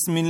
بسم الله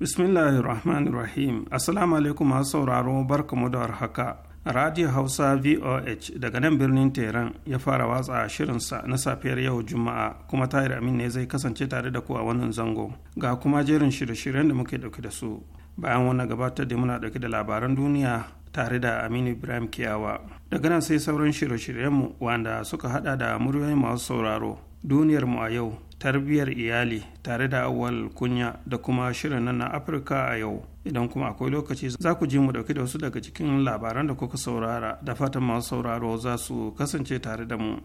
bismillahir rahmanir rahim assalamu alaikum masu sauraro barkamu da warhaka radio hausa voh daga nan birnin tehran ya fara watsa shirinsa na safiyar yau juma'a kuma tahir amin ne zai kasance tare da ku a wannan zango ga kuma jerin shirye-shiryen da muke dauke da su bayan wannan gabatar da muna dauke da labaran duniya tare da aminu ibrahim kiyawa daga nan sai sauran shirye-shiryenmu wanda suka hada da muryoyin masu sauraro duniyarmu a yau tarbiyyar iyali tare da awal kunya da kuma shirin nan na afirka a yau idan kuma akwai lokaci za ku ji mu dauki da wasu daga cikin labaran da kuka saurara da fatan masu sauraro za su kasance tare da mu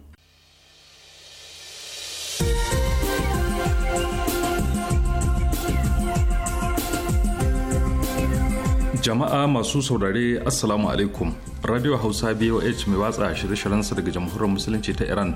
jama'a masu saurare assalamu alaikum radio hausa boh mai watsa shirye-shiryensa daga jamhuriyar musulunci ta iran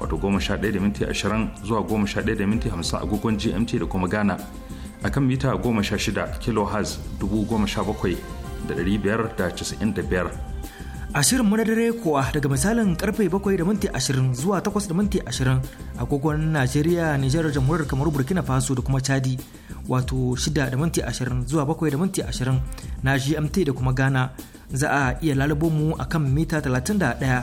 wato 11:20 zuwa 11:50 a agogon gmt da kuma ghana a kan mita 16 kilohertz 17,595 ashirin na dare kuwa daga misalin karfe 7 da minti 20 zuwa 8 da minti 20 agogon najeriya nijar jamhuriyar kamar burkina faso da kuma chadi wato 6 da minti 20 zuwa 7 da minti 20 na gmt da kuma ghana za a iya lalabo mu a kan mita 31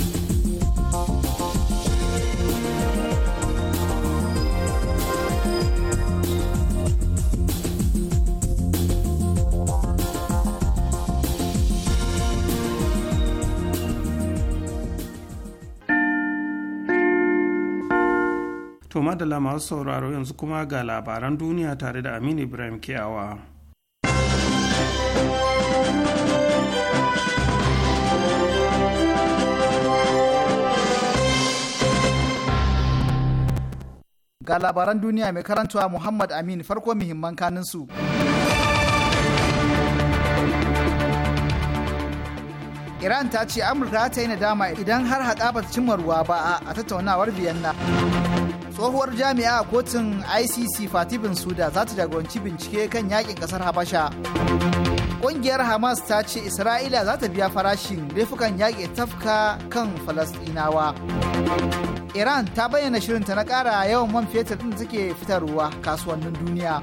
To madalla masu sauraro yanzu kuma ga labaran duniya tare da Aminu Ibrahim Kiyawa. Ga labaran duniya mai karantawa Muhammad Amin farko muhimman su. Iran ta ce Amurka ta yi nadama idan har haɗa ba ta cimma ruwa ba a tattaunawar Vienna. tsohuwar jami'a a kotun icc fatibin suda za ta jagoranci bincike kan yakin kasar habasha ƙungiyar hamas ta ce isra'ila za ta biya farashin laifukan yaƙi tafka kan Falasɗinawa. iran ta bayyana shirinta na ƙara yawan man fetur ɗin take fitarwa kasuwannin duniya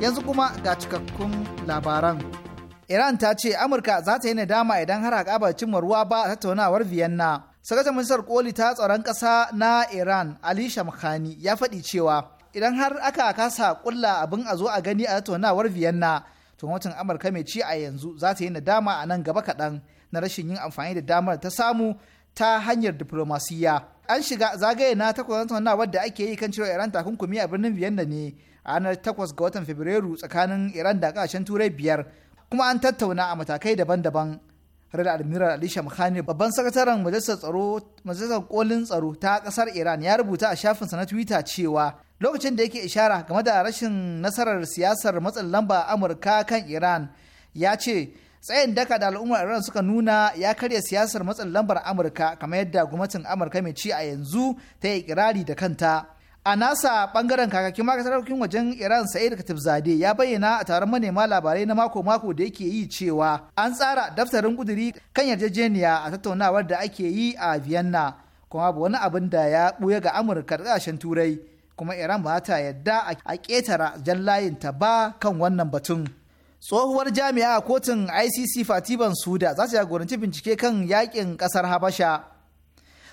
yanzu kuma ga cikakkun labaran iran ta ce amurka za ta yi nadama idan har akabar cimma ruwa ba a tattaunawar vienna sakataren minisar koli ta tsaron ƙasa na iran ali shamkhani ya faɗi cewa idan har aka kasa kulla abin a zo a gani a tattaunawar vienna mutum amurka mai ci a yanzu za ta yi nadama a nan gaba kaɗan na rashin yin amfani da damar ta samu ta hanyar diplomasiya an shiga zagaye na takwas tattaunawar da ake yi kan cewa iran takunkumi a birnin vienna ne a ranar takwas ga watan fabrairu tsakanin iran da kasashen turai biyar kuma an tattauna a matakai daban-daban da admiral ali shamkhani babban sakataren majalisar tsaro majalisar kolin tsaro ta kasar iran ya rubuta a shafinsa na twitter cewa lokacin da yake ishara game da rashin nasarar siyasar matsin lamba amurka kan iran ya ce tsayin daka da al'ummar iran suka nuna ya karya siyasar matsin lambar amurka kamar yadda gwamnatin amurka mai ci a yanzu ta yi kirari da kanta a nasa bangaren kakakin makasar wajen iran sa'id zade ya bayyana a taron manema labarai na mako-mako da yake yi cewa an tsara daftarin kuduri kan yarjejeniya a tattaunawar da ake yi a vienna kuma ba wani abin da ya buya ga amurka da ƙasashen turai kuma iran ba ta yadda a ƙetara jan ta ba kan wannan batun tsohuwar jami'a a kotun icc fatiban suda za ta jagoranci bincike kan yakin ƙasar habasha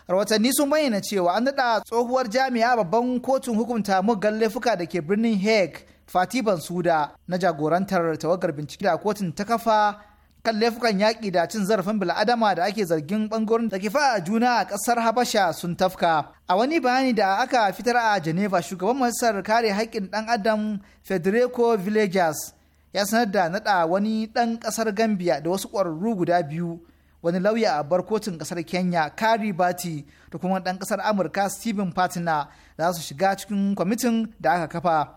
rawatanni sun bayyana cewa an daɗa tsohuwar jami'a babban kotun hukunta muggan laifuka da ke birnin hague fati bansuda na jagorantar tawagar bincike da kotun ta kafa kan laifukan yaƙi da cin zarafin bil'adama da ake zargin ɓangaren da ke a juna a ƙasar habasha sun tafka a wani bayani da aka fitar a geneva shugaban majalisar kare haƙƙin ɗan adam federico villegas ya sanar da naɗa wani ɗan ƙasar gambia da wasu ƙwararru guda biyu wani lauya a bar kotun kasar kenya kari bati da kuma ɗan kasar amurka stephen patina za su shiga cikin kwamitin da aka kafa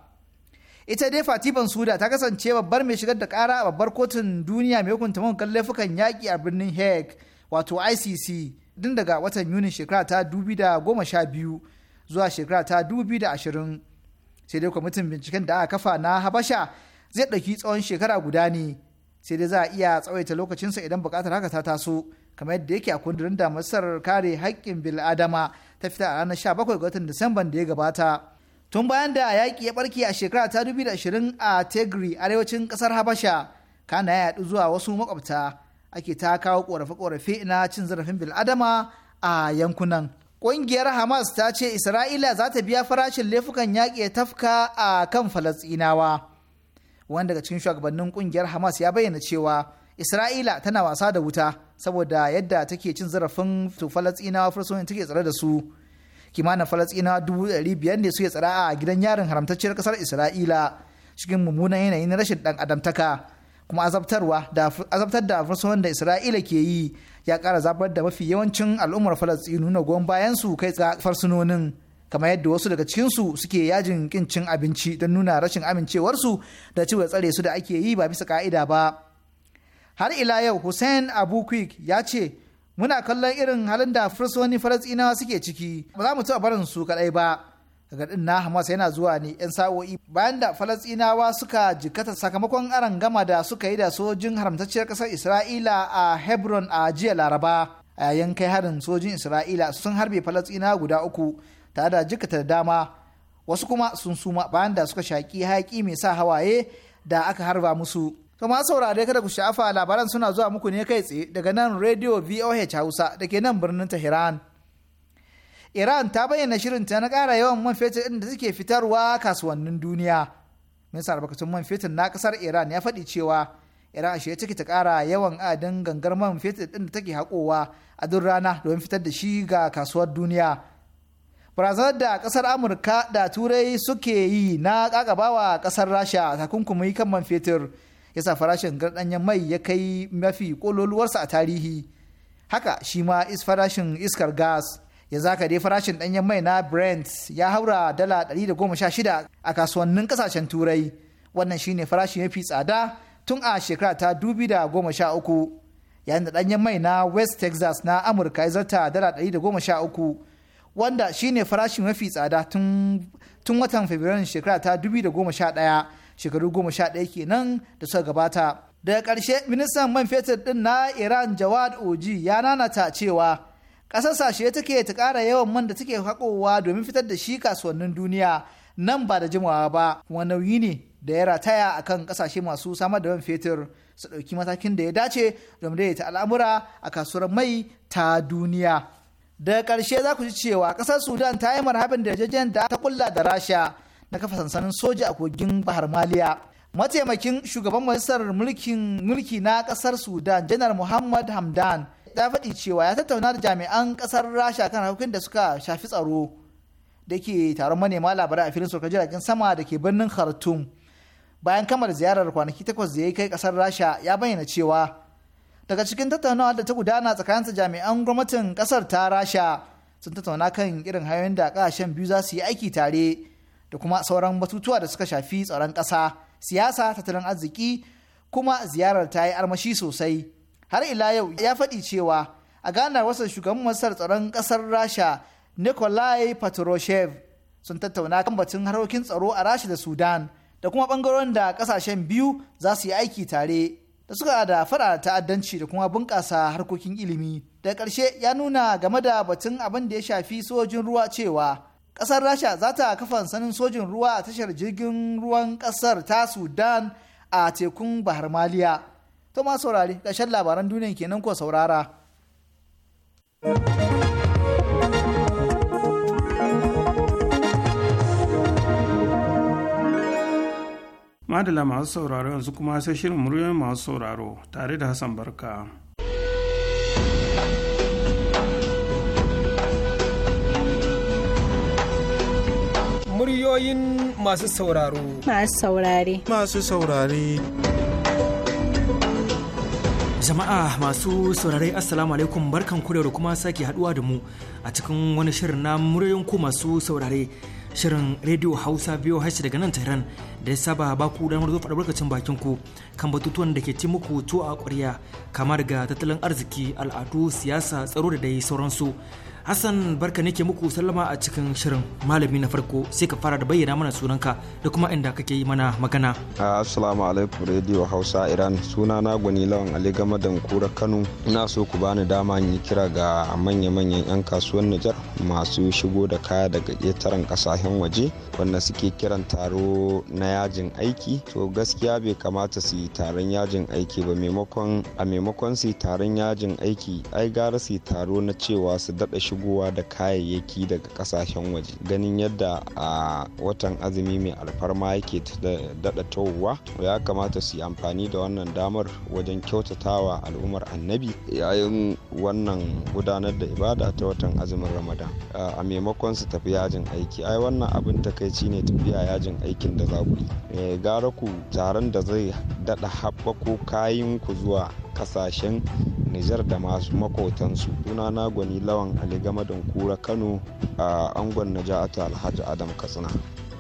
ita dai fatiban suda ta kasance babbar mai shigar da kara a babbar kotun duniya mai hukunta mahukan laifukan yaƙi a birnin hague wato icc din daga watan yunin shekara ta biyu zuwa shekara ta ashirin sai dai kwamitin binciken da aka kafa na habasha zai ɗauki tsawon shekara guda ne sai dai za a iya tsawaita lokacinsa idan buƙatar haka ta taso kamar yadda yake a kundurin da masar kare haƙƙin bil'adama ta fita a ranar 17 ga watan disamban da ya gabata tun bayan da yaƙi ya barke a shekara ta 2020 a tegri arewacin ƙasar habasha kana ya yaɗu zuwa wasu makwabta ake ta kawo ƙorafe-ƙorafe na cin zarafin bil'adama a yankunan ƙungiyar hamas ta ce isra'ila za ta biya farashin laifukan yaƙi ya tafka a kan falasɗinawa wanda daga cikin shugabannin kungiyar hamas ya bayyana cewa isra'ila tana wasa da wuta saboda yadda take cin zarafin falastinawa fursunin take tsare da su kimanin falastinawa dubu biyar ne suke tsara a gidan yarin haramtacciyar kasar isra'ila cikin mummunan yanayin rashin ɗan adamtaka kuma azabtarwa da azabtar da fursunin da isra'ila ke yi ya kara zabar da mafi yawancin al'ummar falastinu na goyon bayan su kai fursunonin kamar yadda wasu daga cikinsu suke yajin kin cin abinci don nuna rashin amincewarsu da ciwo tsare su da ake yi ba bisa ka'ida ba har ila yau hussein abu quick ya ce muna kallon irin halin da fursoni falasɗinawa suke ciki ba za mu taɓa barin su kaɗai ba daga ɗin na hamas yana zuwa ne 'yan sa'o'i bayan da falasɗinawa suka jikata sakamakon aron gama da suka yi da sojin haramtacciyar ƙasar isra'ila a hebron a jiya laraba a yayin kai harin sojin isra'ila sun harbe falasɗinawa guda uku ta da jikata da dama wasu kuma sun suma bayan da suka shaki hayaƙi mai sa hawaye da aka harba musu. To ma saurare kada ku sha'afa labaran suna zuwa muku ne kai tsaye daga nan Radio VOH Hausa da ke nan birnin Tehran. Iran ta bayyana shirin ta na ƙara yawan man fetur ɗin da suke fitarwa kasuwannin duniya. Minista albarkatun man fetur na ƙasar Iran ya faɗi cewa Iran a shirye take ta ƙara yawan adadin gangar man fetur ɗin da take haƙowa a duk rana domin fitar da shi ga kasuwar duniya. barazanar da kasar amurka da turai suke yi na kakabawa kasar rasha takunkumi kan man fetur ya sa farashin gardanyen mai ya kai mafi kololuwarsa a tarihi haka shi ma is farashin iskar gas ya zaka dai farashin danyen mai na brent ya haura dala 116 a kasuwannin kasashen turai wannan shine farashi mafi tsada tun a shekara ta 2013 yayin da danyen mai na west texas na amurka ya zarta dala 113 wanda shine farashi mafi tsada tun watan fabrairun shekara ta 2011 shekaru 11 kenan da suka gabata daga karshe ministan man fetur din na iran jawad oji ya nanata cewa ƙasar sashe take ta kara yawan man da take haƙowa domin fitar da shi kasuwannin duniya nan ba da jimawa ba kuma nauyi ne da ya rataya a kan ƙasashe masu samar da man fetur su ɗauki matakin da ya dace domin daidaita al'amura a kasuwar mai ta duniya. daga ƙarshe za ku ji cewa ƙasar sudan ta yi marhabin da yarjejen da ta kulla da rasha na kafa sansanin soja a kogin bahar maliya mataimakin shugaban majalisar mulkin mulki na ƙasar sudan janar muhammad hamdan ya faɗi cewa ya tattauna da jami'an ƙasar rasha kan harkokin da suka shafi tsaro da ke taron manema labarai a filin sokar jiragen sama da ke birnin khartoum bayan kammala ziyarar kwanaki takwas da ya kai ƙasar rasha ya bayyana cewa daga cikin tattaunawa da ta gudana tsakaninsa jami'an gwamnatin kasar ta rasha sun tattauna kan irin hanyoyin da kasashen biyu za su yi aiki tare da kuma sauran batutuwa da suka shafi tsaron ƙasa siyasa tattalin arziki kuma ziyarar ta yi armashi sosai har ila yau ya faɗi cewa a ganar wasu shugaban masar tsaron ƙasar rasha nikolai patroshev sun tattauna kan batun harkokin tsaro a rasha da sudan da kuma ɓangarorin da ƙasashen biyu za su yi aiki tare da suka da fara ta'addanci da kuma bunƙasa harkokin ilimi da ƙarshe ya nuna game da batun abin da ya shafi sojin ruwa cewa ƙasar rasha za ta kafa sanin sojin ruwa a tashar jirgin ruwan ƙasar ta sudan a tekun bahar maliya to ma saurari ƙarshen labaran duniya kenan ko saurara. madala masu sauraro yanzu kuma sai shirin muryoyin masu sauraro tare da hassan barka muryoyin masu sauraro masu saurare masu saurare jama'a masu saurare assalamu alaikum barkan kurewa kuma sake haduwa da mu a cikin wani shirin na muryoyin ku masu saurare shirin rediyo hausa biyu hashi daga nan tehran da ya saba ba ku damar zo faɗa bakin ku kan batutuwan da ke ci muku tuwo a ƙwarya kamar ga tattalin arziki al'adu siyasa tsaro da dai sauransu Hassan barka nake muku sallama a cikin shirin malami na farko sai ka fara da bayyana mana sunanka da kuma inda kake yi mana magana. Assalamu alaikum Radio Hausa Iran suna na gwani lawan Ali Gama da Kura Kano ina so ku bani dama in yi kira ga manya-manyan 'yan kasuwan Nijar masu shigo da kaya daga ƙetaren ƙasashen waje wanda suke kiran taro na yajin aiki to gaskiya bai kamata su yi taron yajin aiki ba maimakon a maimakon su yi taron yajin aiki ai gara su yi taro na cewa su daɗa shigo shigowa da kayayyaki daga kasashen waje ganin yadda a watan azumi mai alfarma yake daɗa towa ya kamata su yi amfani da wannan damar wajen kyautatawa al'ummar annabi yayin wannan gudanar da ibada ta watan azumin ramadan a maimakon su tafi yajin aiki ai wannan abin takaici ne tafiya yajin aikin da za ku yi eh, gara ku taron da zai daɗa haɓako kayan ku zuwa kasashen nijar da masu makotansu sunana gwani lawan ali da kura kano a angon ta alhaji adam katsina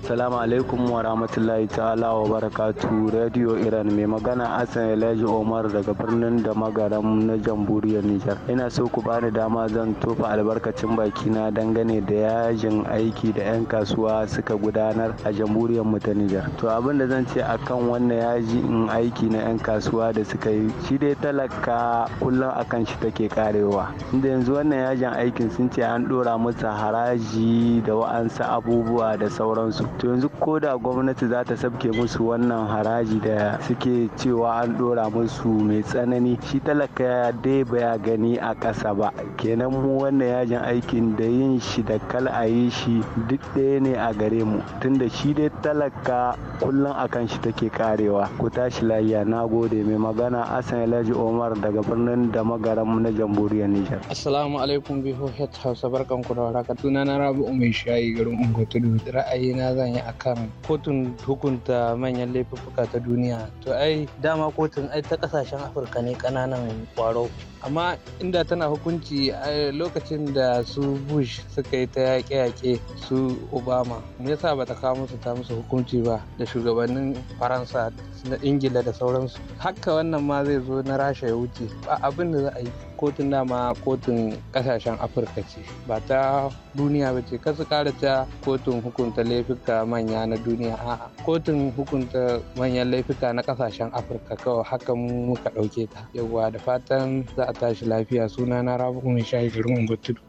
Salamu alaikum wa rahmatullahi ta'ala wa barakatu Radio Iran mai magana Hassan Elijah Omar daga birnin da magaram na jamhuriyar Nijar. Ina so ku bani dama zan tofa albarkacin bakina dangane da yajin aiki da 'yan kasuwa suka gudanar a jamhuriyar mu ta Nijar. To abin da zan ce akan wannan yaji aiki na 'yan kasuwa da suka yi shi dai talaka kullum akan shi take karewa. Inda yanzu wannan yajin aikin sun ce an dora musu haraji da wa'ansu abubuwa da sauransu. to yanzu ko da gwamnati za ta sabke musu wannan haraji da suke cewa an ɗora musu mai tsanani shi talaka dai baya gani a ƙasa ba kenan mu wannan yajin aikin da yin shi da kal a yi shi duk ɗaya ne a gare mu tunda shi dai talaka kullum a kan shi take karewa ku tashi lafiya na gode mai magana asan alhaji omar daga birnin da magaran na jamhuriyar nijar assalamu alaikum bihohet hausa barkan ku da waraka tunana rabi'u mai shayi garin tudu ra'ayina zan yi akan kotun hukunta manyan laifuka ta duniya to ai dama kotun ai ta kasashen afirka ne kananan kwaro amma inda tana hukunci a lokacin da su bush suka yi ta yaƙe-yaƙe su obama me yasa ta kawo musu ta musu hukunci ba da shugabannin faransa na ingila da sauransu haka wannan ma zai zo na rasha ya wuce ba abin da za a yi kotun dama kotun kasashen afirka ce ba ta duniya ba ce kasu kara ta kotun hukunta laifuka manya na duniya a kotun hukunta manyan laifuka na kasashen afirka kawai haka muka ɗauke ta yawwa da fatan za a tashi lafiya suna na rabu mai shahi garin tudu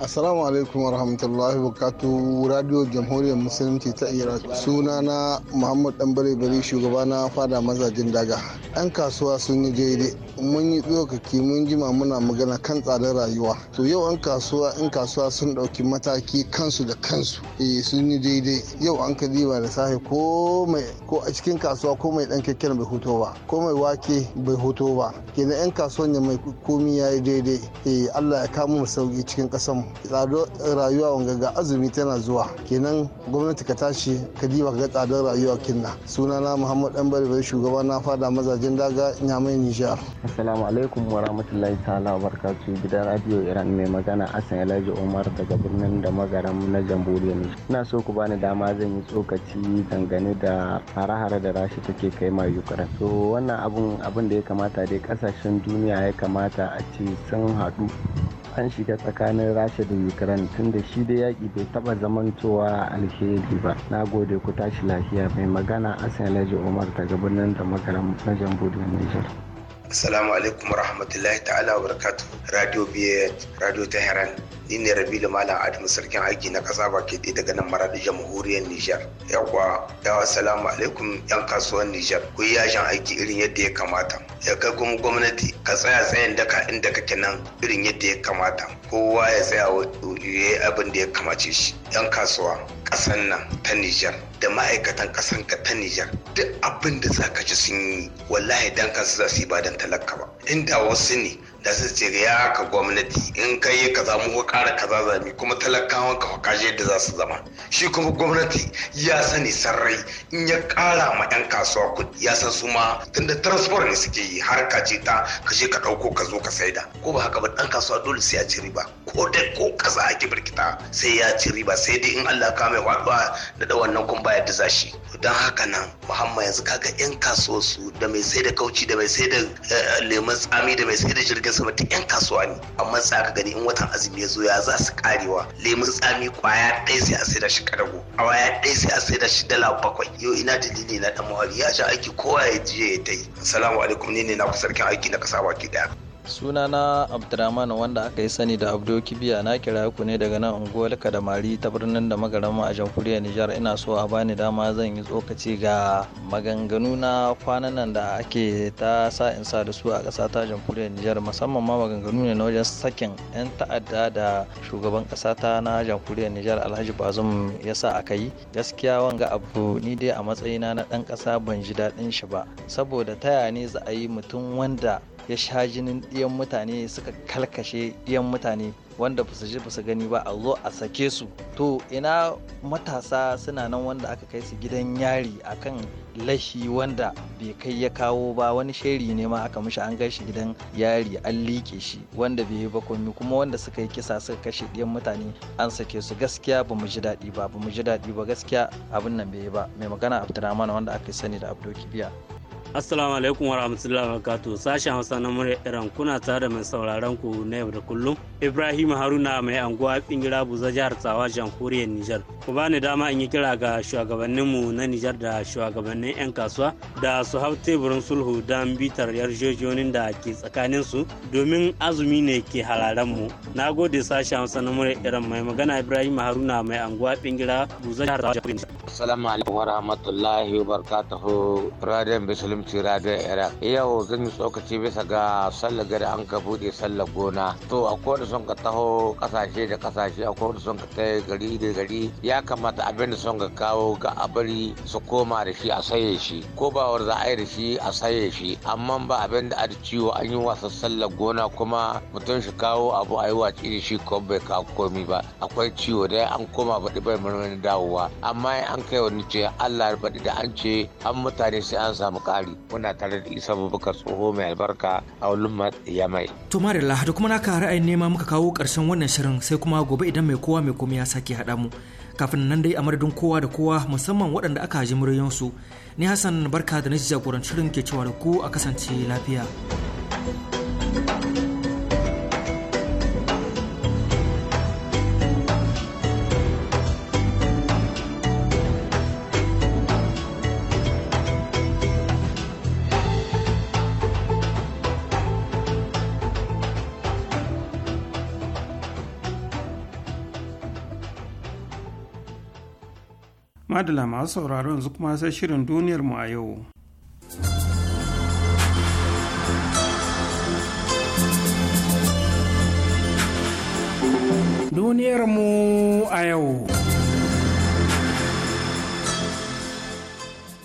Assalamu alaikum warahmatullahi wabarakatuh Radio Jamhuriyar Musulunci ta Iran. Suna na Muhammad Dambare Bari shugaba na fada mazajen daga. 'Yan kasuwa sun yi daidai. Mun yi tsokaki mun jima muna magana kan tsadar rayuwa. To yau an kasuwa in kasuwa sun ɗauki mataki kansu da kansu. Eh sun yi daidai. Yau an ka diba da safe ko mai ko a cikin kasuwa ko mai ɗan kyakkyan bai hoto ba. Ko mai wake bai hoto ba. Kenan 'yan kasuwan ya mai komi ya yi daidai. Eh Allah ya kama mu sauki cikin ƙasar mu. tsadar rayuwa wanga ga azumi tana zuwa kenan gwamnati ka tashi ka diba ga tsadar rayuwa kinna sunana muhammad dan bari shugaba na fada mazajen daga nyamai nijar assalamu alaikum wa rahmatullahi ta'ala wa barakatuh gidan radio iran mai magana asan alhaji umar daga birnin da magaram na jamhuriyar nijar ina so ku bani dama zan yi tsokaci dangane da hare-hare da rashi take kai ma ukraine to wannan abun abin da ya kamata dai kasashen duniya ya kamata a ce sun haɗu an shiga tsakanin rasha da ukraine tun da shi da yaƙi bai taɓa zamantowa alheri ba na gode ku tashi lafiya mai magana asan alhaji umar daga birnin da makaram na da nijar assalamu alaikum rahmatullahi ta'ala wa radio biyat radio tehran ni ne rabilu malam adamu sarkin aiki na kasa ke ɗaya daga nan maradi jamhuriyar nijar yawa yawa salamu alaikum yan kasuwar nijar ku yi yashin aiki irin yadda ya kamata ya kai kuma gwamnati ka tsaya tsayin daka inda kake nan irin yadda ya kamata kowa ya tsaya ya abin da ya kamace shi yan kasuwa Kasan nan ta nijar da ma'aikatan kasan ka ta nijar duk abin da za ka ci sun yi wallahi dan kansu za su yi ba dan talaka ba inda wasu ne da su ce ya haka gwamnati in ka yi kaza mu kara kaza zami kuma talakawan ka kaje da za su zama shi kuma gwamnati ya sani sarrai in ya kara ma 'yan kasuwa kudi ya san su ma tunda transport ne suke yi har ka ce ta ka je ka dauko ka zo ka saida ko ba haka ba ɗan kasuwa dole sai ya ci riba ko dai ko kaza ake birkita sai ya ci riba sai dai in Allah ka mai wadwa da da wannan kun bayar da zashi dan haka nan muhammad yanzu kaga 'yan kasuwa su da mai sai kauci da mai sai da eh, lemun tsami da mai sai jirgin ya zama duk yan kasuwa ne amma za ka gani in watan azumi ya zo ya za su karewa lemun tsami kwaya ɗaya sai a sai shi karago a waya ɗaya sai a sai da shi dala bakwai yau ina dalili na dan mawari ya sha aiki kowa ya je ya tai assalamu alaikum ne ne na ku sarkin aiki na kasa baki ɗaya? sunana abdurrahman wanda aka yi sani da abdo kibiya na kira ku ne daga nan unguwar mari ta birnin da magarama a jamhuriyar nijar ina so a bani dama zan yi tsokaci ga maganganu na kwanan nan da ake ta sa in sa da su a ƙasa ta jamhuriyar nijar musamman ma maganganu ne na wajen sakin 'yan ta'adda da shugaban ƙasa ta na jamhuriyar nijar alhaji bazum ya sa aka yi gaskiya wanga abu ni dai a matsayina na ɗan ƙasa ban ji daɗin shi ba saboda taya ne za a yi mutum wanda ya sha jinin ɗiyan mutane suka kalkashe ɗiyan mutane wanda ba su ji ba su gani ba a zo a sake su to ina matasa suna nan wanda aka kai su gidan yari akan lashi wanda bai kai ya kawo ba wani shiri ne ma aka mishi an gashi gidan yari an liƙe shi wanda bai yi ba komi kuma wanda suka yi kisa suka kashe ɗiyan mutane an sake su gaskiya ba mu ji daɗi ba ba mu ji daɗi ba gaskiya abin nan bai yi ba mai magana abdurrahman wanda aka sani da abdul kibiya Assalamu alaikum wa rahmatullahi wa barakatuh. Sashen Hausa na murya Iran kuna tare da mai sauraron ku na yau da kullum. Ibrahim Haruna mai anguwa Bingira Buza jihar Tsawa jamhuriyar Nijar. Ku bani dama in yi kira ga shugabanninmu na Nijar da shugabannin 'yan kasuwa da su hau teburin sulhu don bitar yarjejonin da ke tsakanin su domin azumi ne ke hararen mu. Na gode sashen Hausa na murya Iran mai magana Ibrahim Haruna mai anguwa Bingira Buza jihar Tsawa jamhuriyar Nijar. Assalamu alaikum wa rahmatullahi wa barakatuh. Radiyon musulunci radar era yau zan yi tsokaci bisa ga sallar gari an ka bude sallar gona to a kowane son ka taho kasashe da kasashe a kowane son ka taho gari da gari ya kamata abin da son ka kawo ga a bari su koma da shi a saye shi ko ba war za a yi da shi a saye shi amma ba abin da a ciwo an yi wasa sallar gona kuma mutum shi kawo abu a yi watsi da shi ko bai kawo komi ba akwai ciwo dai an koma baɗi bai murmurin dawowa amma an kai wani ce allah baɗi da an ce an mutane sai an samu ƙari Mali muna tare da Isa Abubakar tsoho mai albarka a Ulumma Yamai. To Marilla da kuma naka ra'ayin nema muka kawo karshen wannan shirin sai kuma gobe idan mai kowa mai komai ya sake haɗa mu. Kafin nan dai a madadin kowa da kowa musamman waɗanda aka ji muryoyinsu. Ni Hassan barka da na jagorancin shirin ke cewa da ku a kasance lafiya. thank you adala masu sauraro yanzu kuma sai shirin duniyar mu a yau duniyar mu a yau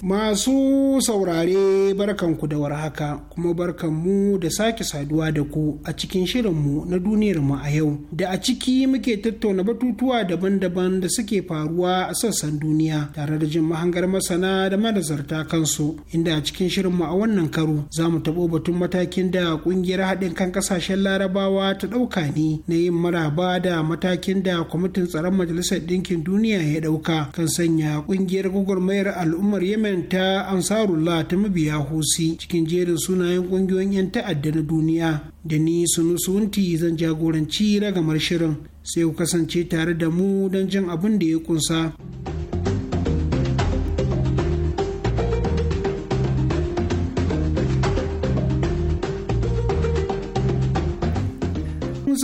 Masu saurare barkanku da warhaka kuma barkanmu da sake saduwa da ku a cikin shirinmu na duniyar mu a yau da a ciki muke tattauna batutuwa daban-daban da suke faruwa a sassan duniya tare da jin mahangar masana da manazarta kansu inda a cikin shirinmu a wannan karo za mu taɓo batun matakin da ƙungiyar haɗin kan ƙasashen larabawa ta ɗauka ne na yin maraba da matakin da kwamitin tsaron majalisar ɗinkin duniya ya ɗauka kan sanya ƙungiyar gwagwarmayar al'ummar yemen irin ta ansarullah ta mabiya husi cikin jerin sunayen ƙungiyoyin 'yan ta'adda na duniya da ni sunusunti zan jagoranci ragamar shirin sai ku kasance tare da mu don jin abin da ya kunsa.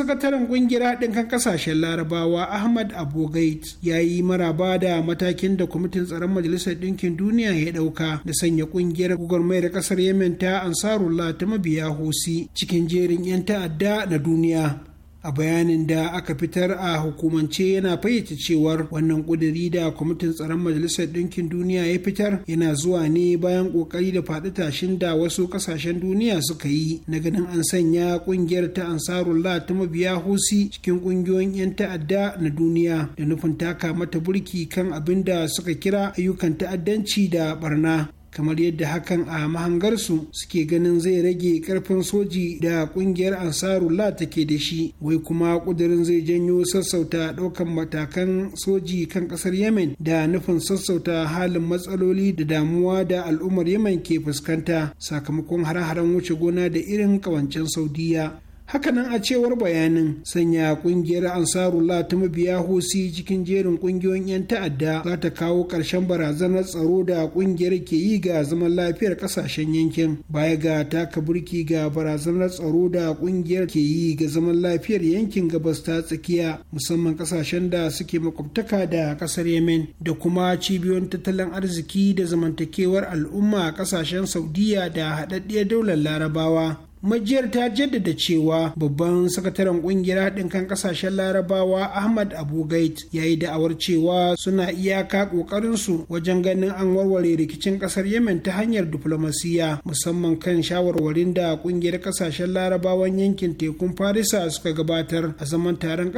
sakataren kungiyar haɗin kan kasashen larabawa ahmad abogait ya yi maraba da matakin da kwamitin tsaron majalisar ɗinkin duniya ya ɗauka da sanya kungiyar gwagwarmayar ƙasar yemen ta ansarullah ta mabiya hosi cikin jerin 'yan ta'adda na duniya a bayanin da aka fitar a hukumance yana fayyace cewar wannan ƙuduri da kwamitin tsaron majalisar ɗinkin duniya ya fitar yana zuwa ne bayan ƙoƙari da faɗi tashin da wasu ƙasashen duniya suka yi na ganin an sanya ƙungiyar ta ansarullah ta mabiya husi cikin ƙungiyoyin 'yan ta'adda na duniya da nufin taka mata burki kan abin da suka kira ayyukan ta'addanci da barna kamar yadda hakan a mahangarsu suke ganin zai rage karfin soji da kungiyar ansarullah take da shi wai kuma kudirin zai janyo sassauta daukan matakan soji kan kasar yemen da nufin sassauta halin matsaloli da damuwa da al'ummar yemen ke fuskanta sakamakon har haren wuce gona da irin kawancen saudiya hakanan a cewar bayanin sanya kungiyar ansarullah ta mabiya hosi cikin jerin kungiyoyin 'yan ta'adda za ta kawo ƙarshen barazanar tsaro da kungiyar ke yi ga zaman lafiyar ƙasashen yankin baya ga taka burki ga barazanar tsaro da kungiyar ke yi ga zaman lafiyar yankin gabas ta tsakiya musamman ƙasashen da suke makwabtaka da ƙasar yemen da kuma cibiyoyin tattalin arziki da zamantakewar al'umma a ƙasashen saudiya da haɗaɗɗiyar daular larabawa majiyar ta jaddada cewa babban sakataren kungiyar haɗin kan ƙasashen larabawa ahmad abu gait ya yi da'awar cewa suna iyaka ƙoƙarinsu wajen ganin an warware rikicin ƙasar yemen ta hanyar diflomasiya musamman kan shawarwarin da kungiyar ƙasashen larabawan yankin tekun farisa suka gabatar a zaman taron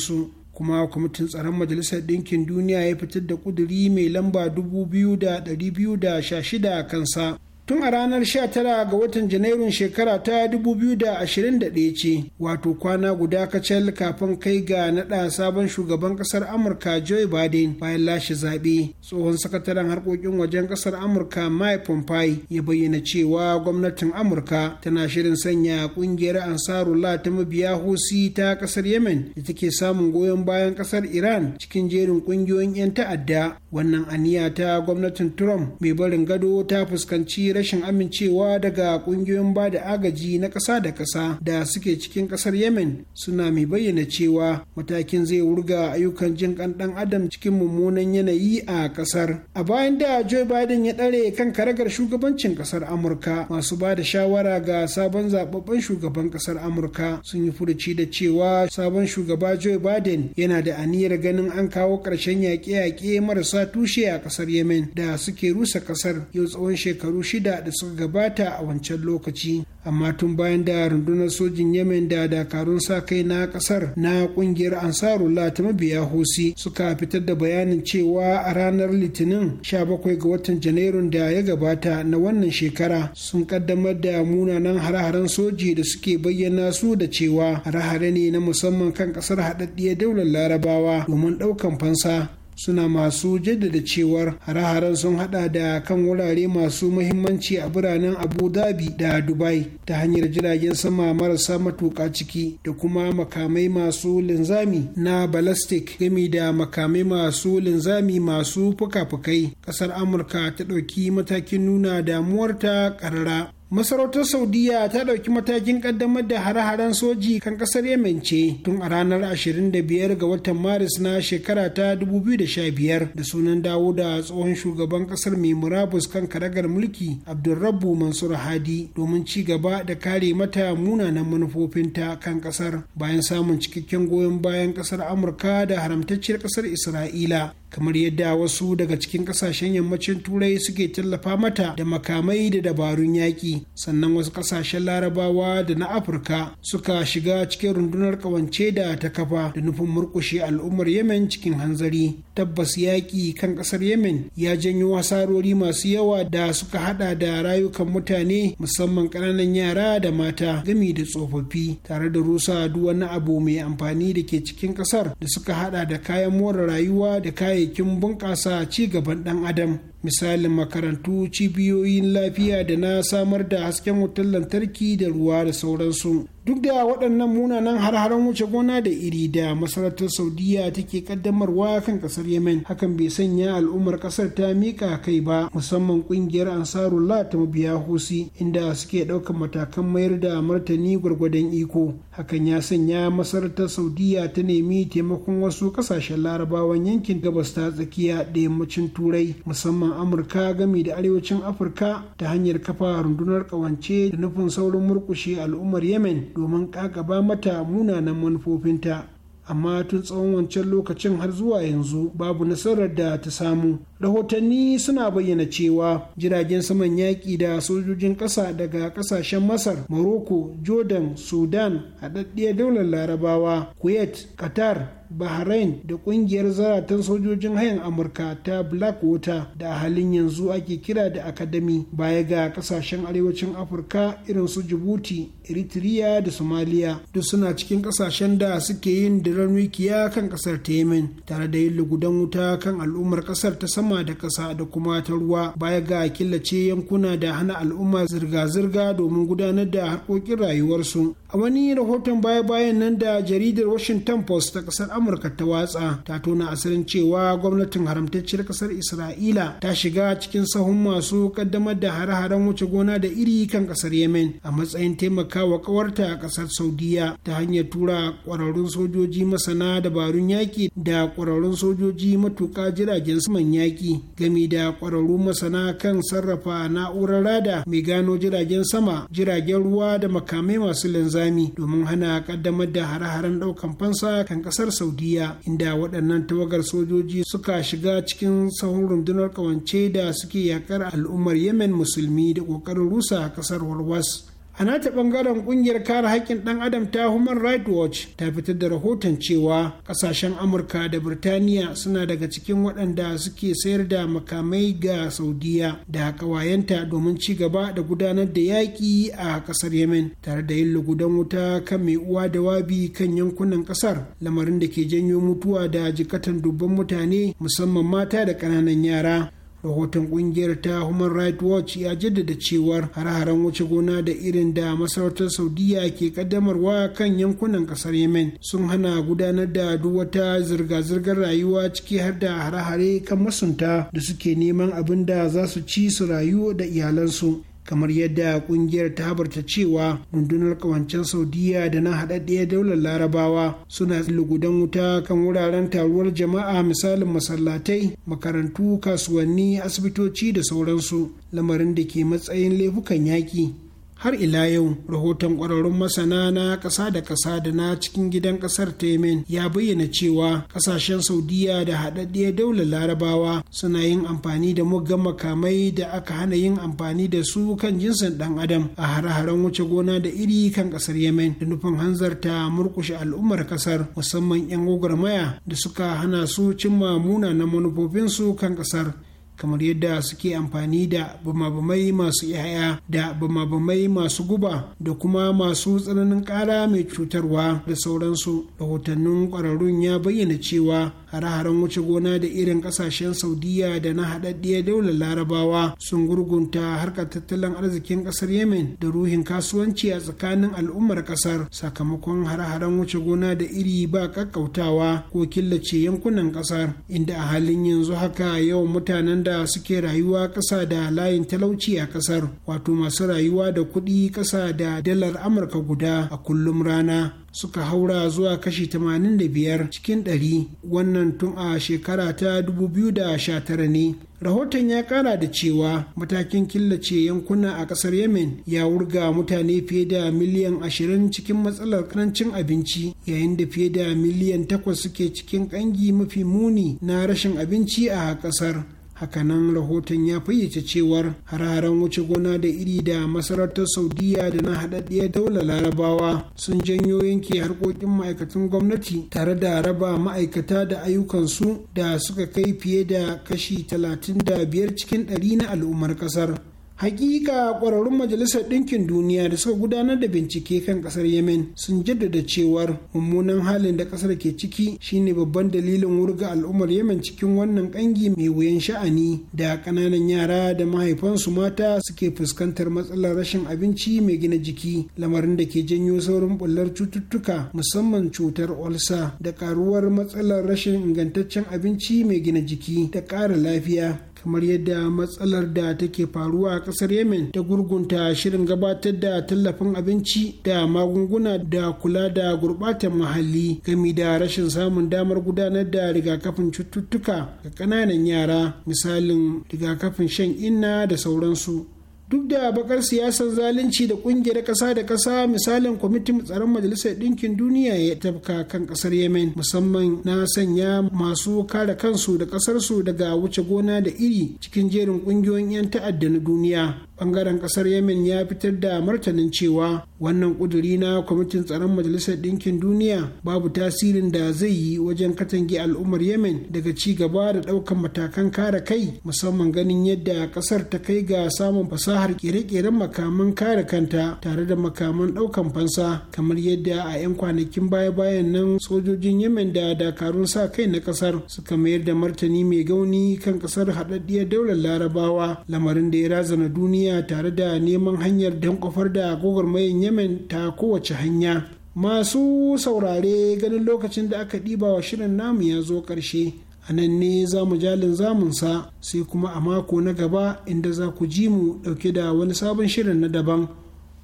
su kuma kwamitin tsaron majalisar ɗinkin duniya ya fitar da ƙuduri mai lamba 2216 kansa tun a ranar 19 ga watan janairun shekara ta 2021 ce wato kwana guda kacal kafin kai ga naɗa sabon shugaban ƙasar amurka joe biden bayan lashe zaɓe tsohon sakataren harkokin wajen ƙasar amurka mike pompeo ya bayyana cewa gwamnatin amurka tana shirin sanya ƙungiyar ansarullah ta mabiya hosi ta ƙasar yemen da take samun goyon bayan ƙasar iran cikin jerin ƙungiyoyin 'yan ta'adda wannan aniya ta gwamnatin trump mai barin gado ta fuskanci rashin amincewa daga ƙungiyoyin ba da agaji na ƙasa da ƙasa da suke cikin ƙasar yemen suna mai bayyana cewa matakin zai wurga ayyukan jin ƙan ɗan adam cikin mummunan yanayi a ƙasar a bayan da joe biden ya ɗare kan karagar shugabancin ƙasar amurka masu ba da shawara ga sabon zababben shugaban ƙasar amurka sun yi furuci da cewa sabon shugaba joe biden yana da aniyar ganin an kawo ƙarshen yaƙe-yaƙe marasa tushe a ƙasar yemen da suke rusa ƙasar yau tsawon shekaru shida shida da suka gabata a wancan lokaci amma tun bayan da rundunar sojin yemen da dakarun sa kai na kasar na kungiyar ansarullah ta mabiya hosi suka fitar da bayanin cewa a ranar litinin 17 ga watan janairun da ya gabata na wannan shekara sun kaddamar da munanan hare-haren soji da suke bayyana su da cewa hare-hare ne na musamman kan kasar haɗaɗɗiyar daular larabawa domin ɗaukan fansa suna masu jaddada cewar hare-haren sun hada da kan wurare masu muhimmanci a biranen abu dhabi da dubai ta hanyar jiragen sama marasa matuka ciki da kuma makamai masu linzami na balastik gami da makamai masu linzami masu fuka-fukai kasar amurka ta ɗauki matakin nuna damuwarta ƙarara masarautar saudiya ta ɗauki matakin ƙaddamar da hare-haren soji kan ƙasar yemen ce tun a ranar 25 ga watan maris na shekara ta 2015 da sunan dawo da tsohon shugaban ƙasar mai murabus kan karagar mulki abdulrabu mansur hadi domin ci gaba da kare mata munanan manufofinta kan ƙasar bayan samun cikakken goyon bayan ƙasar amurka da haramtacciyar ƙasar isra'ila kamar yadda wasu daga cikin kasashen yammacin turai suke tallafa mata da makamai da dabarun yaƙi sannan wasu kasashen larabawa da na afirka suka shiga cikin rundunar ƙawance da ta kafa da nufin murƙushe al'ummar yemen cikin hanzari tabbas yaƙi kan ƙasar yemen ya janyo hasarori masu yawa da suka hada da rayukan mutane musamman ƙananan yara da mata gami da tsofaffi tare da rusa duk wani abu mai amfani da ke cikin ƙasar da suka hada da kayan more rayuwa da kayayyakin bunƙasa ci gaban ɗan adam misalin makarantu cibiyoyin lafiya da na samar da hasken wutar lantarki da ruwa da sauransu duk da waɗannan munanan har-haren wuce gona da iri da masarautar saudiya take kaddamarwa kan ƙasar yemen hakan bai sanya al'ummar ƙasar ta miƙa kai ba musamman ƙungiyar ansarullah ta mabiya husi inda suke ɗaukar matakan mayar da martani gwargwadon iko hakan ya sanya masarautar saudiya ta nemi taimakon wasu ƙasashen larabawan yankin gabas ta tsakiya da yammacin turai musamman amurka gami da arewacin afirka ta hanyar kafa rundunar ƙawance da nufin saurin murƙushe al'ummar yemen domin ƙaƙaba mata munanan manufofinta amma tun tsawon wancan lokacin har zuwa yanzu babu nasarar da ta samu rahotanni suna bayyana cewa jiragen saman yaƙi da sojojin ƙasa daga ƙasashen masar morocco jordan sudan haɗaɗɗiyar daular larabawa kuwait qatar bahrain da ƙungiyar zaratan sojojin hayan amurka ta blackwater da a halin yanzu ake kira da academy baya ga ƙasashen arewacin afirka irin su jibuti eritrea da Somalia. duk suna cikin kasashen da suke yin diran wikiya kan kasar ta yemen tare da yin lugudan wuta kan al'ummar kasar ta sama da kasa da kuma ta ruwa baya ga killace yankuna da hana al'umma zirga-zirga domin gudanar da harkokin rayuwarsu a wani rahoton baya-bayan nan da jaridar washington post ta kasar amurka ta watsa ta tona asirin cewa gwamnatin haramtacciyar kasar isra'ila ta shiga cikin sahun masu kaddamar da hare-haren wuce gona da iri kan kasar yemen a matsayin taimaka taimakawa kawarta a ƙasar saudiya ta hanyar tura ƙwararrun sojoji masana dabarun yaƙi da ƙwararrun sojoji matuƙa jiragen saman yaƙi gami da ƙwararru masana kan sarrafa na'urar rada mai gano jiragen sama jiragen ruwa da makamai masu linzami domin hana ƙaddamar da hare-haren ɗaukan fansa kan ƙasar saudiya inda waɗannan tawagar sojoji suka shiga cikin sahun rundunar ƙawance da suke yakar al'ummar yemen musulmi da ƙoƙarin rusa ƙasar warwas a nata bangaren kungiyar kare haƙƙin ɗan adam ta human rights watch ta fitar da rahoton cewa ƙasashen amurka da birtaniya suna daga cikin waɗanda suke sayar da makamai ga saudiya da ƙawayenta domin ci gaba da gudanar da yaƙi a ƙasar yemen tare da yin lugudan wuta kan mai uwa da wabi kan yankunan ƙasar lamarin da ke janyo mutuwa da jikatan dubban mutane musamman mata da ƙananan yara rahoton kungiyar ta human rights watch ya jaddada cewar hare-haren wuce gona da irin da masarautar saudiya ke kaddamarwa kan yankunan kasar yemen sun hana gudanar da duk wata zirga-zirgar rayuwa ciki har da hare-hare kan masunta da suke neman abin da za su ci su rayu da iyalansu kamar yadda kungiyar ta habarta cewa rundunar kawancen saudiya da na haɗaɗɗiyar daular larabawa suna lugudan wuta kan wuraren taruwar jama'a misalin masallatai makarantu kasuwanni asibitoci da sauransu lamarin da ke matsayin laifukan yaƙi har ila yau rahoton ƙwararrun masana na ƙasa da ƙasa da na cikin gidan ƙasar ta yemen ya bayyana cewa ƙasashen saudiya da haɗaɗɗiyar daular larabawa suna yin amfani da muggan makamai da aka hana yin amfani da su kan jinsin ɗan adam a hare-haren wuce gona da iri kan ƙasar yemen da nufin hanzarta murkushe al'ummar ƙasar musamman 'yan gwagwarmaya da suka hana su cimma na manufofinsu kan ƙasar kamar yadda suke amfani da bamabamai masu yaya da bamabamai masu guba da kuma masu tsananin ƙara mai cutarwa da sauransu rahotannin ƙwararrun ya bayyana cewa hare-haren wuce gona da irin kasashen saudiya da na haɗaɗɗiyar daular larabawa sun gurgunta harkar tattalin arzikin ƙasar yemen da ruhin kasuwanci a tsakanin al'ummar ƙasar sakamakon hare-haren wuce gona da iri ba ƙaƙƙautawa ko killace yankunan ƙasar inda a halin yanzu haka yawan mutanen da suke rayuwa ƙasa da layin talauci a ƙasar wato masu rayuwa da kuɗi ƙasa da dalar amurka guda a kullum rana suka haura zuwa kashi 85 cikin 100 wannan tun a shekara ta 2019 ne rahoton ya kara da cewa matakin killace yankuna a ƙasar yemen ya wurga mutane fiye da miliyan 20 cikin matsalar karancin abinci yayin da fiye da miliyan 8 suke cikin ƙangi mafi muni na rashin abinci a ƙasar. hakanan rahoton ya fayyace cewar hararen wuce gona da iri da masarautar saudiya da na haɗaɗɗiyar daular larabawa sun janyo yanke harkokin ma'aikatan gwamnati tare da raba ma'aikata da ayyukansu da suka kai fiye da kashi talatin da biyar cikin ɗari na al'ummar ƙasar Hakika kwararrun Majalisar Ɗinkin Duniya da suka gudanar da bincike kan ƙasar Yemen sun jaddada cewar mummunan halin da ƙasar ke ciki shine babban dalilin wurga al'ummar Yemen cikin wannan ƙangi mai wuyan sha'ani da ƙananan yara da mahaifansu mata suke fuskantar matsalar rashin abinci mai gina jiki lamarin da ke janyo saurin bullar cututtuka musamman cutar olsa da karuwar matsalar rashin ingantaccen abinci mai gina jiki da ƙara lafiya kamar yadda matsalar da take faruwa a ƙasar yemen ta gurgunta shirin gabatar da tallafin abinci da magunguna da kula da gurɓatar muhalli gami da rashin samun damar gudanar da rigakafin cututtuka ga ƙananan yara misalin rigakafin shan inna da sauransu duk da bakar siyasar zalunci da kungiyar kasa da kasa misalin kwamitin tsaron majalisar ɗinkin duniya ya tafka kan kasar yemen musamman na sanya masu kare kansu da kasarsu daga wuce gona da iri cikin jerin kungiyoyin 'yan ta'adda na duniya bangaren kasar yemen ya fitar da martanin cewa wannan kuduri na kwamitin tsaron majalisar ɗinkin duniya babu tasirin da zai yi wajen katange al'ummar yemen daga ci gaba da ɗaukan matakan kare kai musamman ganin yadda kasar ta kai ga samun fasahar kere-keren makaman kare kanta tare da makaman ɗaukan fansa kamar yadda a 'yan kwanakin baya-bayan nan sojojin yemen da dakarun sa kai na kasar suka mayar da martani mai gauni kan kasar haɗaɗɗiyar daular larabawa lamarin da ya razana duniya duniya tare da neman hanyar don kofar da gwagwarmayin yemen ta kowace hanya masu saurare ganin lokacin da aka ɗiba wa shirin namu ya zo ƙarshe a nan ne za mu jalin zamunsa sai kuma a mako na gaba inda za ku ji mu ɗauke da wani sabon shirin na daban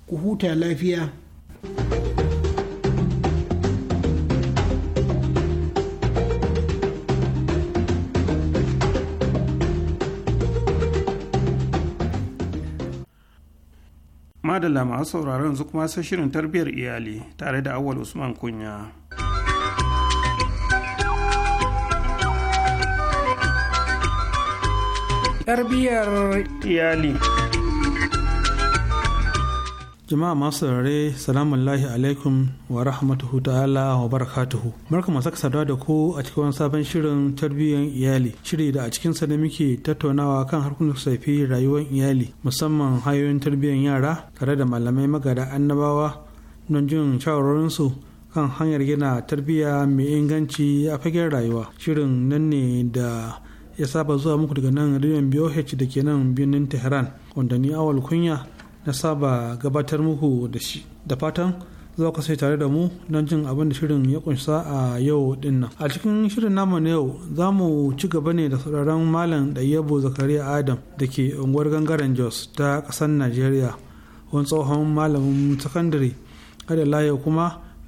ku huta lafiya. madalla masu sauraron yanzu kuma sai shirin tarbiyyar iyali tare da awal usman kunya tarbiyyar iyali jama'a masu saurare salamu alaihi alaikum wa rahmatuhu ta'ala wa barakatuhu barka saka saduwa da ku a cikin wani sabon shirin tarbiyyar iyali shiri da a cikin sa ne muke tattaunawa kan harkokin fi rayuwar iyali musamman hanyoyin tarbiyyar yara tare da malamai magada annabawa don jin shawarorinsu kan hanyar gina tarbiyya mai inganci a fagen rayuwa shirin nan ne da ya saba zuwa muku daga nan rediyon BOH da ke nan birnin Tehran wanda ni awal kunya na saba gabatar muku da shi da fatan za ku sai tare da mu don jin abin da shirin ya kunsa a yau din a cikin shirin namu na yau za mu ci gaba ne da sauraron malam ɗayyabo zakariya adam da ke unguwar gangaren jos ta ƙasar najeriya wani tsohon malamin sakandare kada layo kuma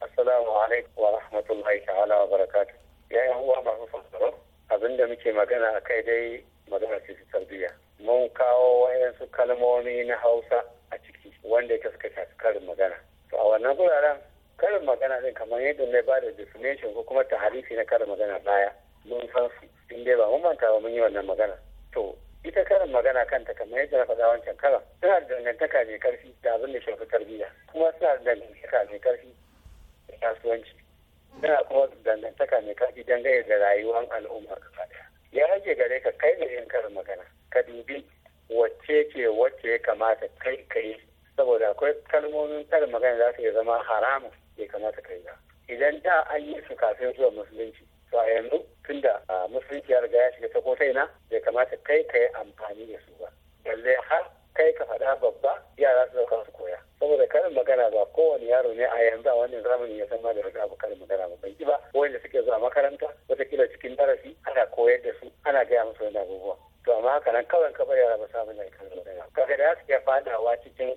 Assalamu alaikum wa rahmatullahi ta'ala wa barakatu. Ya yi uwa masu fasaro, abin da muke magana a kai dai magana ce ta tarbiyya. Mun kawo wayansu kalmomi na Hausa a ciki wanda ya suka shafi karin magana. To a wannan guraren karin magana din kamar yadda na ba da definition ko kuma taharifi na karin magana baya mun san su in dai ba mun manta ba mun yi wannan magana. To ita karin magana kanta kamar yadda na faɗa wancan karan suna da dangantaka mai karfi da abin da shafi tarbiyya kuma suna da dangantaka mai karfi kasuwanci da kuma dangantaka mai kafi dangane da rayuwar al'umma gaba daya ya rage gare ka kai ne yin karin magana ka dubi wacce ke wacce ya kamata kai kai saboda akwai kalmomin karin magana za su iya zama haramu ya kamata kai ba idan da an yi su kafin zuwa musulunci to a yanzu tunda musulunci ya riga ya shiga ta kotai na bai kamata kai kai amfani da su ba balle har kai ka faɗa babba yara su magana ba kowane yaro ne a yanzu a wannan zamani ya san da rika abokan magana ba bai ba wanda suke zuwa makaranta watakila cikin darasi ana koyar da su ana gaya musu wani abubuwa to amma haka nan kawai ka bar yara ba samun na kan magana kaga da ya suke fadawa cikin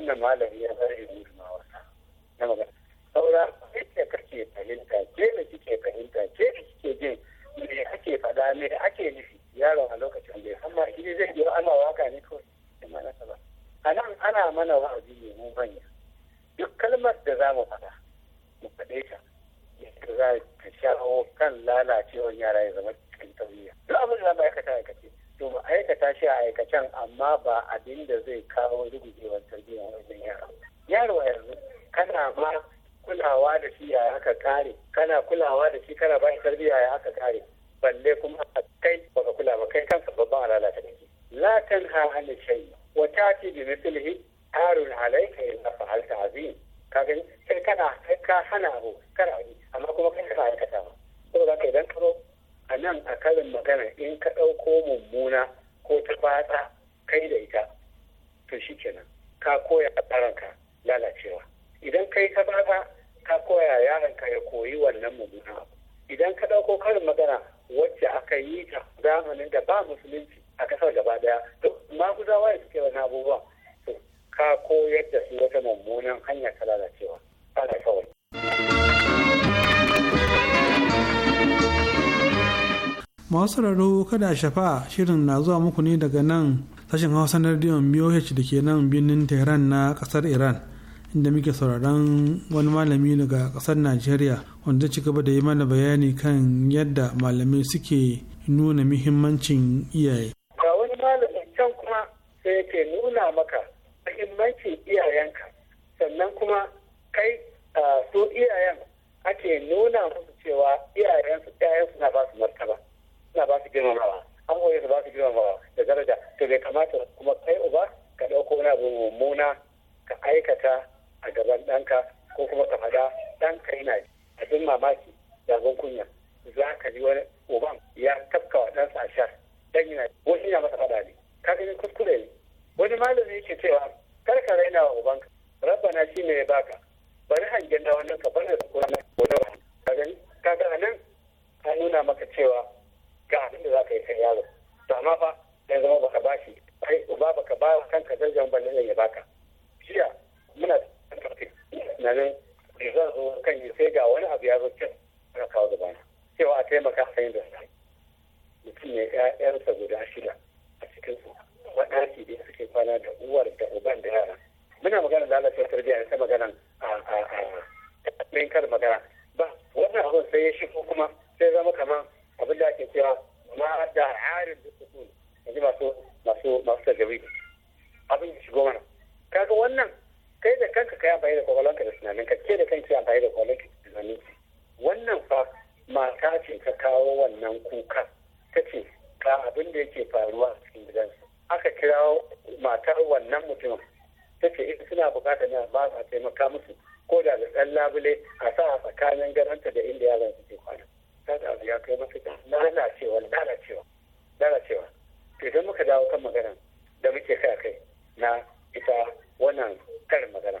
wannan malami ya bari gudunmawarsa na magana saura yadda kake fahimta ke ne kike fahimta ke ne kike jin me ake faɗa me ake nufi yaron a lokacin bai amma shi zai yi ana waka ne ko ne da manasa ba a nan ana mana wa'azi ne mun banya duk kalmar da za mu faɗa mu faɗe ta yadda za ka shawo kan lalacewar yara ya zama cikin tarbiyya duk abin da za mu aikata aikace to aikata shi a aikacen amma ba abin da zai kawo rugujewar tarbiyyar wajen yara yaro yanzu kana ma kulawa da shi ya aka kare kana kulawa da shi kana ba shi tarbiyya ya aka kare balle kuma a kai baka kula ba kai kanka babban lalata kake la tanha an shay wa tati bi mithlihi harun alayka in fa'alta azim kaga sai kana kai ka hana abu kana amma kuma kai ka aikata ba saboda kai dan a nan a karin magana in ka ɗauko mummuna ko ta fata kai da ita to shi kenan ka koya yaranka lalacewa idan kai ta fata ka koya yaranka ya koyi wannan mummuna idan ka ɗauko karin magana wacce aka yi ta zamanin da ba musulunci a ƙasar gaba ɗaya to maguzawa da suke wani abubuwa ka koyar da su wata mummunan hanya ta lalacewa ana kawai. masu raro kada shafa shirin na zuwa muku ne daga nan sashen hausa na rediyon BOH da ke nan birnin Tehran na kasar Iran inda muke sauraron wani malami daga kasar Najeriya wanda ci gaba da yi mana bayani kan yadda malamai suke nuna muhimmancin iyaye. Ga wani malamin can kuma sai yake nuna maka muhimmancin iyayenka sannan kuma kai su iyayen ake nuna musu cewa iyayensu girmamawa an koyi su ba su girmamawa da daraja to bai kamata kuma kai uba ka ɗauko wani abu mummuna ka aikata a gaban ɗanka ko kuma ka faɗa ɗanka yana abin mamaki da abin kunya za ka ji wani uban ya tafka wa ɗansa a sha dan yana wani ya masa faɗa ne ka gani kuskure ne wani malami yake cewa kar ka raina wa ubanka rabbana shi ne ya baka bari hangen da wannan ka bari da kuma ka gani kaga nan ka nuna maka cewa ga abin da za ka yi kan yaro to amma fa sai zama baka ba shi ai uba baka ba wa kanka darajar bannin ne ya baka jiya muna na nan da zan zo kan yi sai ga wani abu ya zo kyan aka kawo bana cewa a taimaka a yin da mutum ne ƴaƴansa guda shida a cikin su waɗansu da suke kwana da uwar da uban da yara muna magana da Allah sai tarbiyya ta magana a a a kar magana ba wannan abun sai ya shigo kuma sai zama kamar abin da ake cewa ma da harin da su ji masu masu masu tagabi abin da shigo mana kaga wannan kai da kanka kai amfani da kwakwalwanka da tunaninka ke da ke amfani da kwakwalwanka da tunaninki wannan fa mata ce ka kawo wannan kuka ta ce ga abin da yake faruwa a cikin su aka kirawo matar wannan mutumin ta ce ita eh, suna bukatar ne ba a taimaka musu ko da da ɗan labule a sa a tsakanin garanta da inda yaran suke kwana kada abu ya kai matuƙa lalacewa lalacewa lalacewa to idan muka dawo kan magana da muke kai kai na ita wannan karin magana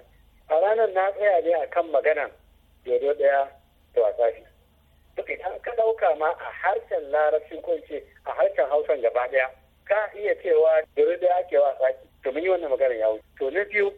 a ranar na tsaya ne a kan magana dodo daya da wasafi duk idan ka ɗauka ma a harshen larabci ko ce a harshen hausan gaba daya ka iya cewa dodo daya ke wasafi to mun yi wannan magana ya wuce to na biyu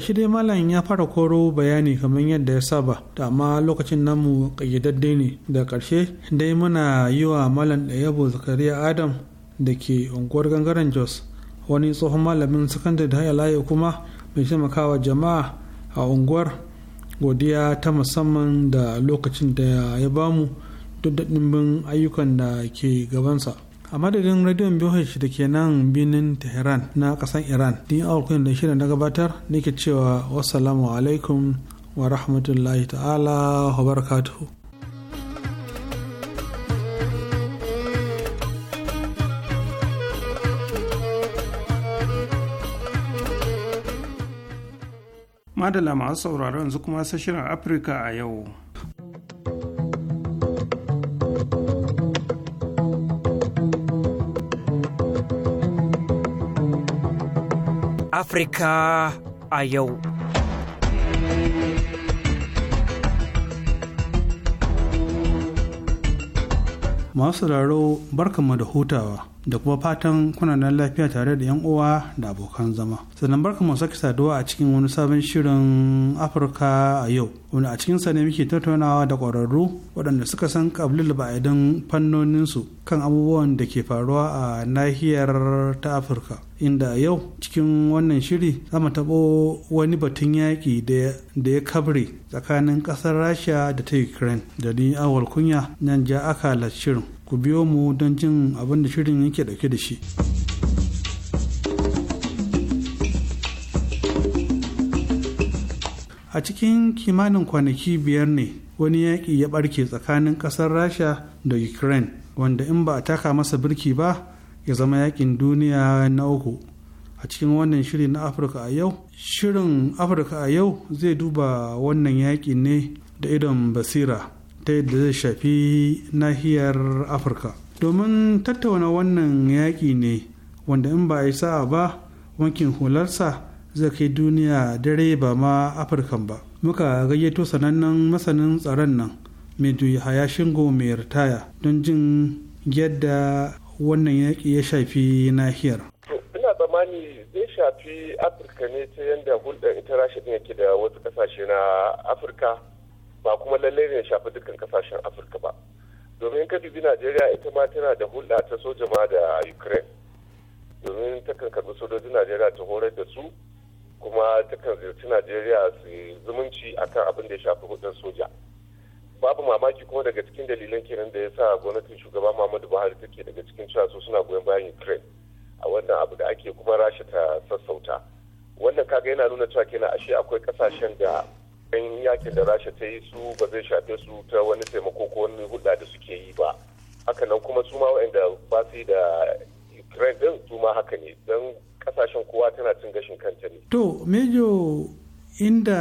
ƙarshe dai malam ya fara koro bayani kamar yadda ya saba da amma lokacin namu ƙayyadadde ne da karshe dai muna yi wa malam da yabo zakariya adam da ke unguwar gangaren jos wani tsohon malamin sakandare da haya layi kuma mai taimakawa jama'a a unguwar godiya ta musamman da lokacin da ya bamu duk da ɗimbin ayyukan da ke gabansa. a madadin radiyon bh da ke nan binin Tehran na kasan Iran din alkun da shirin na gabatar nake cewa wassalamu alaikum wa rahmatullahi ta'ala wa barakatuhu madala masu sauraron yanzu kuma sashirin afirka a yau Afirka a yau. Masu raro barkanmu da hutawa. da kuma fatan kuna nan lafiya tare da 'yan uwa da abokan zama sannan barka mu sake saduwa a cikin wani sabon shirin afirka a yau wani a cikin sa ne muke tattaunawa da ƙwararru waɗanda suka san kabilul ba'idin fannoninsu kan abubuwan da ke faruwa a nahiyar ta afirka inda a yau cikin wannan shiri za mu taɓo wani batun yaƙi da ya kabre tsakanin ƙasar rasha da ta ukraine da ni awal kunya nan ja aka shirin ku biyo mu don jin abinda shirin yake dauke da shi. a cikin kimanin kwanaki biyar ne wani yaƙi ya ɓarke tsakanin ƙasar rasha da ukraine wanda in ba a taka masa birki ba ya zama yaƙin duniya na uku a cikin wannan shiri na afirka a yau shirin afirka a yau zai duba wannan yaƙi ne da idon basira ta yadda zai shafi nahiyar afirka domin tattauna wannan yaƙi ne wanda in ba a yi sa'a ba wankin hularsa zai kai duniya dare ba ma afirkan ba muka gayyato sanannen masanin tsaron nan mai shingo mai ritaya don jin yadda wannan yaƙi ya shafi nahiyar ina tsammani zai shafi afirka ne ta yadda hulɗar ita rashidin yake da wasu ƙasashe na afirka ba kuma lallai ne shafi dukkan kasashen afirka ba domin ka dubi najeriya ita ma tana da hulɗa ta soja ma da ukraine domin takan karɓi sojojin najeriya ta horar da su kuma takan ziyarci najeriya su zumunci akan abin da ya shafi hudun soja babu mamaki kuma daga cikin dalilan kenan da ya sa gwamnatin shugaba muhammadu buhari take daga cikin cewa su suna goyon bayan ukraine a wannan abu da ake kuma rasha ta sassauta wannan kaga yana nuna cewa kenan ashe akwai kasashen da in yakin da rasha ta yi su ba zai shafe su ta wani taimako ko wani hulɗa da suke yi ba hakanan kuma su ma waɗanda ba su da ukraine din su ma haka ne don kasashen kowa tana cin gashin kanta ne to mejo inda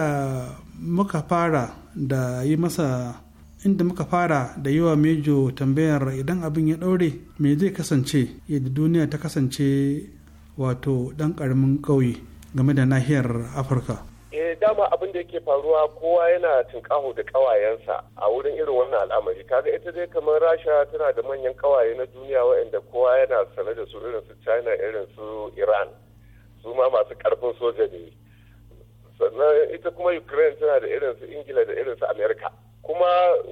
muka fara da yi masa inda muka fara da yawa mejo tambayar idan abin ya ɗaure me zai kasance yadda duniya ta kasance wato ɗan ƙaramin ƙauye game da nahiyar afirka eh dama abin da yake faruwa kowa yana tunkaho da kawayensa a wurin irin wannan al'amari kaga ita dai kamar rasha tana da manyan kawaye na duniya waɗanda kowa yana sane da su irin su china irin su iran su ma masu karfin soja ne sannan ita kuma ukraine tana da irin su ingila da irin su america kuma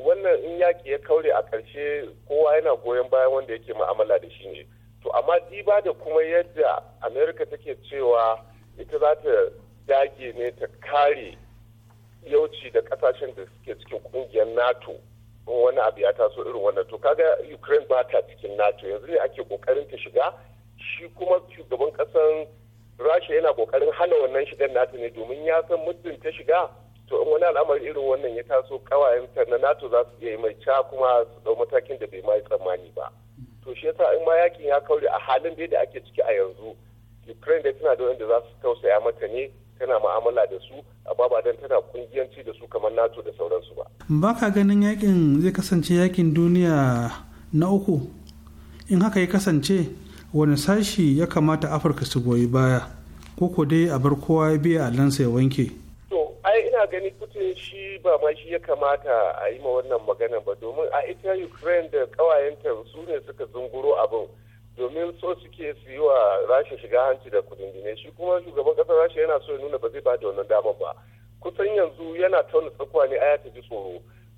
wannan in yaƙi ya kaure a ƙarshe kowa yana goyon bayan wanda yake mu'amala da shi ne to amma diba da kuma yadda america take cewa ita za ta dage ne ta kare yauci da kasashen da suke cikin kungiyar nato wani abu ya taso irin wannan to kaga ukraine ba ta cikin nato yanzu ne ake kokarin ta shiga shi kuma shugaban kasan rasha yana kokarin hana wannan shigar nato ne domin ya san muddin ta shiga to in wani al'amari irin wannan ya taso kawai na nato za su iya yi mai ca kuma su dau matakin da bai ma tsammani ba to shi yasa in ma yakin ya kaure a halin da ake ciki a yanzu ukraine da tana da wanda za su tausaya mata ne tana mu'amala da su a baba dan tana kungiyanci da su kamar nato da sauransu ba ba ka ganin yakin zai kasance yakin duniya na uku in haka ya kasance wani sashi ya kamata afirka su goyi baya ko dai a bar kowa ya biya allansa ya wanke to ai ina gani putin shi ba ma shi ya kamata a yi ma wannan magana ba domin a ita ukraine da kawayenta su ne suka zunguro abin domin so suke su yi wa rasha shiga hanci da kudin dine shi kuma shugaban kasar rasha yana so ya nuna ba zai ba da wannan damar ba kusan yanzu yana tauna tsakuwa ne aya ta ji tsoro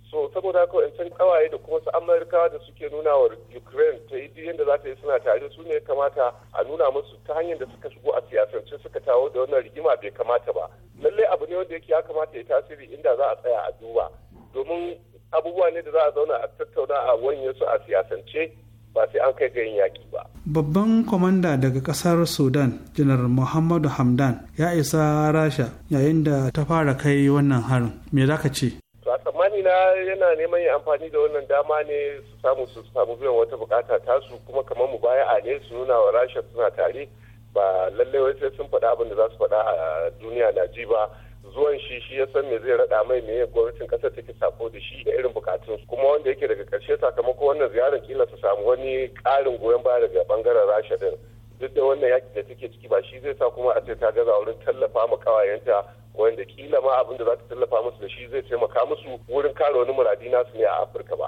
so saboda haka in kawaye da kuma su amurkawa da suke nuna wa ukraine ta yi yadda za ta yi suna tare su ne kamata a nuna musu ta hanyar da suka shigo a siyasance suka tawo da wannan rigima bai kamata ba lallai abu ne wanda yake ya kamata ya tasiri inda za a tsaya a duba domin abubuwa ne da za a zauna a tattauna a wanye su a siyasance ba sai an kai ga yin yaƙi ba. Babban kwamanda daga ƙasar Sudan, Janar Muhammadu Hamdan, ya isa Rasha yayin da ta fara kai wannan harin. Me za ka ce? To a tsammani na yana neman yin amfani da wannan dama ne su samu su samu biyan wata bukata tasu kuma kamar mu baya a ne su nuna wa Rasha suna tare ba lallai wai sai sun faɗa abin da za su faɗa a duniya na ji ba. zuwan shi shi ya san me zai raɗa mai me gwamnatin ƙasar take sako da shi da irin bukatun kuma wanda yake daga ƙarshe sakamakon wannan ziyarar kila su samu wani ƙarin goyon baya daga bangaren rasha din duk da wannan yaki da take ciki ba shi zai sa kuma a ce ta gaza wurin tallafa ma kawayenta wanda kila ma abin da za ta tallafa musu da shi zai taimaka musu wurin kare wani muradi nasu ne a afirka ba.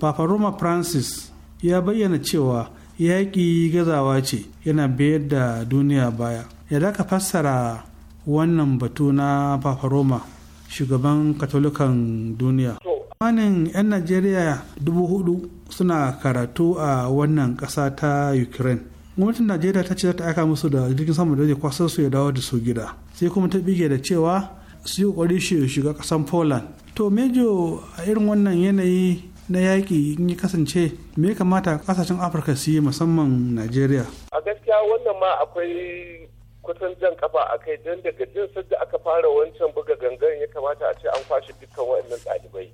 Papa Roma Francis ya bayyana cewa yaƙi gazawa ce yana bayar da duniya baya yadda ka fassara wannan batu na roma shugaban katolikan duniya manin 'yan najeriya dubu suna karatu a wannan ƙasa ta ukraine gwamnatin najeriya ta ce za ta aika musu da jirgin sama da zai kwasar su ya dawo da su gida sai kuma ta bige da cewa su yi kokari shi shiga kasan poland to mejo a irin wannan yanayi na yaƙi in ya kasance me kamata kasashen afirka su yi musamman najeriya a gaskiya wannan ma akwai kusan jan kafa a kai don daga jin sadda aka fara wancan buga gangan ya kamata a ce an kwashe dukkan waɗannan ɗalibai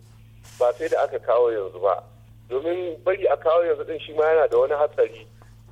ba sai da aka kawo yanzu ba domin bari a kawo yanzu din shi ma yana da wani hatsari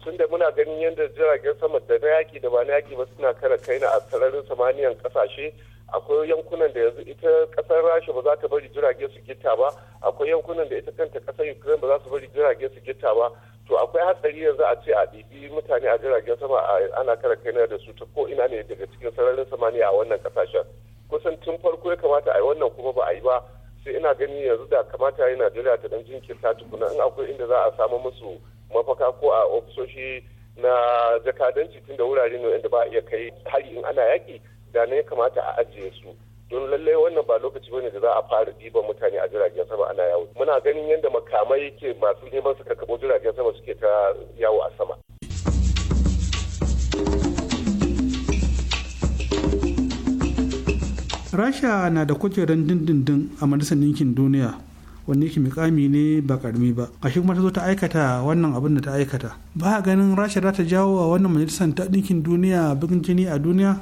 tun da muna ganin yadda jiragen sama da na yaƙi da ba na yaƙi ba suna kara kai na a sararin samaniyan ƙasashe akwai yankunan da yanzu ita kasar rasha ba za ta bari jirage su gita ba akwai yankunan da ita kanta kasar ukraine ba za su bari jirage su gita ba to akwai hatsari yanzu a ce a ɗibi mutane a jiragen sama ana kara kai da su ta ko ina ne daga cikin sararin samaniya a wannan kasashen kusan tun farko ya kamata a yi wannan kuma ba a yi ba sai ina gani yanzu da kamata yi najeriya ta dan jinkirta tukuna in akwai inda za a samu musu mafaka ko a ofisoshi na jakadanci tun da wurare ne inda ba a iya kai hari in ana yaki. da ne ya kamata a ajiye su don lallai wannan ba lokaci bane da za a fara diban mutane a jiragen sama ana yawo muna ganin yadda makamai ke masu neman su karkabo jiragen sama suke ta yawo a sama rasha na da kujerar dindindin a majalisar ninkin duniya wanne yake mikami ne ba karmi ba shi kuma ta zo ta aikata wannan abin da ta aikata ba ganin rasha za ta jawo a wannan majalisar ta ɗinkin duniya bugun jini a duniya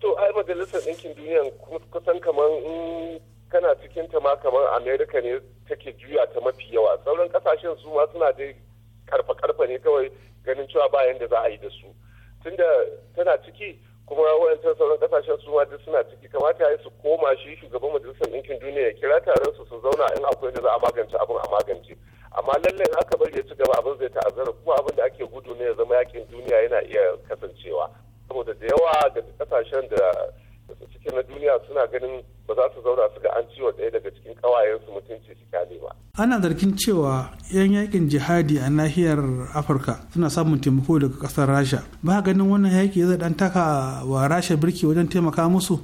to ai majalisar ɗinkin duniya kusan kamar in kana cikin ta ma kamar america ne take juya ta mafi yawa sauran kasashen su ma suna dai karfa karfa ne kawai ganin cewa ba yanda za a yi da su tunda tana ciki kuma wayancan sauran kasashen su ma duk suna ciki kamata ya su koma shi shugaban majalisar ɗinkin duniya ya kira taron su su zauna in akwai da za a magance abin a magance amma lalle in aka bari ya ci gaba abin zai ta'azzara kuma abin da ake gudu ne ya zama yakin duniya yana iya kasancewa saboda da yawa da kasashen da su cike na duniya suna ganin ba za su zauna su ga an ciwo ɗaya daga cikin ƙawayensu mutunci su kyale ba. Ana zargin cewa 'yan yakin jihadi a nahiyar Afirka suna samun taimako daga ƙasar Rasha. Ba ganin wannan yaƙi zai ɗan taka wa Rasha birki wajen taimaka musu?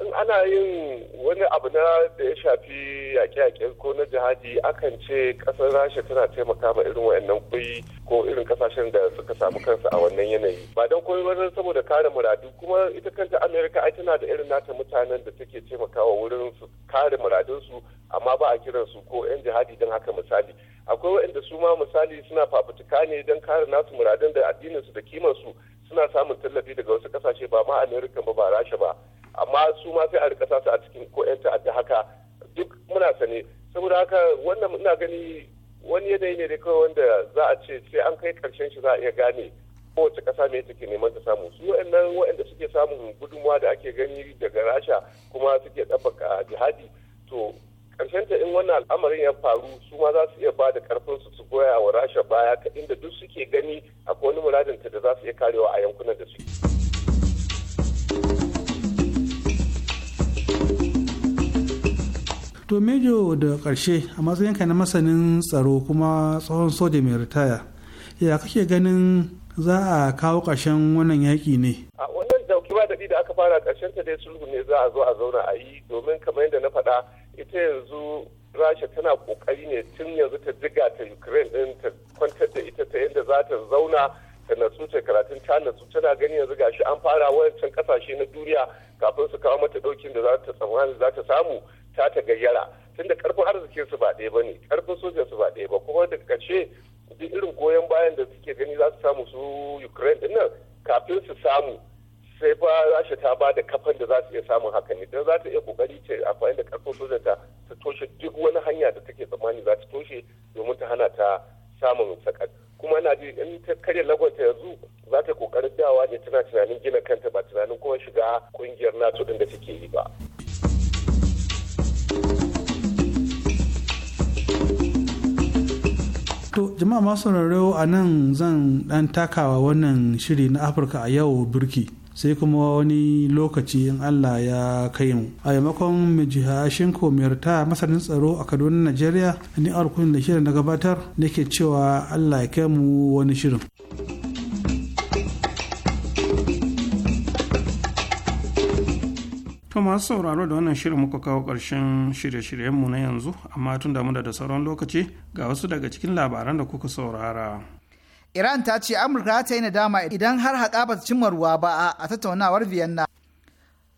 in ana yin wani abu na da ya shafi yaƙe-yaƙe ko na jihadi akan ce ƙasar rasha tana taimaka ma irin wayannan kuyi ko irin ƙasashen da suka samu kansu a wannan yanayi ba don koyi wajen saboda kare muradu kuma ita kanta amerika ai tana da irin nata mutanen da take taimakawa wurin su kare muradunsu amma ba a kiransu ko 'yan jihadi don haka misali akwai waɗanda su ma misali suna fafutuka ne don kare nasu muradun da addininsu da kimansu suna samun tallafi daga wasu kasashe ba ma amerika ba ba rasha ba amma su ma sai a rika sa su a cikin ko yan ta'adda haka duk muna sane saboda haka wannan ina gani wani yanayi ne da kawai wanda za a ce sai an kai karshen shi za a iya gane ko wace kasa me take neman ta samu su wa'annan wa'anda suke samun gudunmawa da ake gani daga rasha kuma suke ɗabbaka jihadi to karshen ta in wannan al'amarin ya faru su ma za su iya ba da karfin su su goya wa rasha baya inda duk suke gani akwai wani muradin ta da za su iya karewa a yankunan da su. to mejo da ƙarshe a matsayinka na masanin tsaro kuma tsohon soja mai ritaya ya kake ganin za a kawo ƙarshen wannan yaƙi ne a wannan dauki ba daɗi da aka fara ƙarshen ta dai sulhu ne za a zo a zauna a yi domin kamar yadda na faɗa ita yanzu rasha tana ƙoƙari ne tun yanzu ta jiga ta ukraine ɗin ta kwantar da ita ta yadda za ta zauna ta natsu ta karatun ta natsu tana gani yanzu gashi an fara wancan kasashe na duniya kafin su kawo mata ɗaukin da za ta tsammani za ta samu ta ta gayyara tunda karfin arzikin su ba ɗaya ba ne karfin sojan su ba ɗaya ba kuma da ƙarshe duk irin goyon bayan da suke gani za su samu su ukraine din kafin su samu sai ba rasha ta ba da kafan da za su iya samun haka ne don za ta iya kokari ce amfani da karfin sojan ta ta toshe duk wani hanya da take tsammani za ta toshe domin ta hana ta samun sakat kuma na ji in ta karya lagwanta yanzu za ta kokarin dawa ne tana tunanin gina kanta ba tunanin kuma shiga kungiyar nato din da take yi ba to jama'a masu rarrau a nan zan dan takawa wannan shiri na afirka a yau birki sai kuma wani lokaci in Allah ya kai mu a yamakon shinko Merta masanin tsaro a kaduna najeriya ni arkun da shirin na gabatar nake cewa Allah ya kai mu wani shirin. To masu sauraro da wannan shirin muka kawo ƙarshen shirye-shiryenmu na yanzu, amma tun damu da sauran lokaci ga wasu daga cikin labaran da kuka saurara. Iran ta ce Amurka ta yi nadama idan har haƙa ba cimma ruwa ba a tattaunawar Vienna.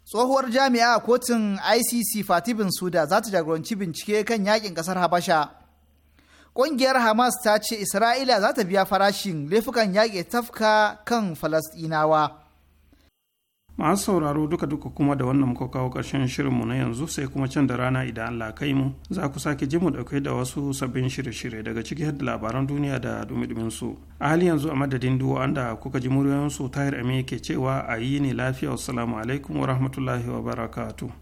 Tsohuwar jami'a a kotun ICC Fatibin Bin Suda za ta jagoranci bincike kan yakin ƙasar Habasha. Ƙungiyar Hamas ta ce Isra'ila za ta biya farashin laifukan yaƙi tafka kan Falasɗinawa. masu sauraro duka duka kuma da wannan muka kawo ƙarshen shirinmu na yanzu sai kuma can da rana idan Allah kai mu za ku sake ji mu dauke da wasu sabbin shirye-shirye daga ciki da labaran duniya da dumi su a hali yanzu a madadin duwa da kuka ji muryoyin su tahir ame ke cewa a yi ne lafiya Salamu alaikum wa rahmatullahi wa barakatuh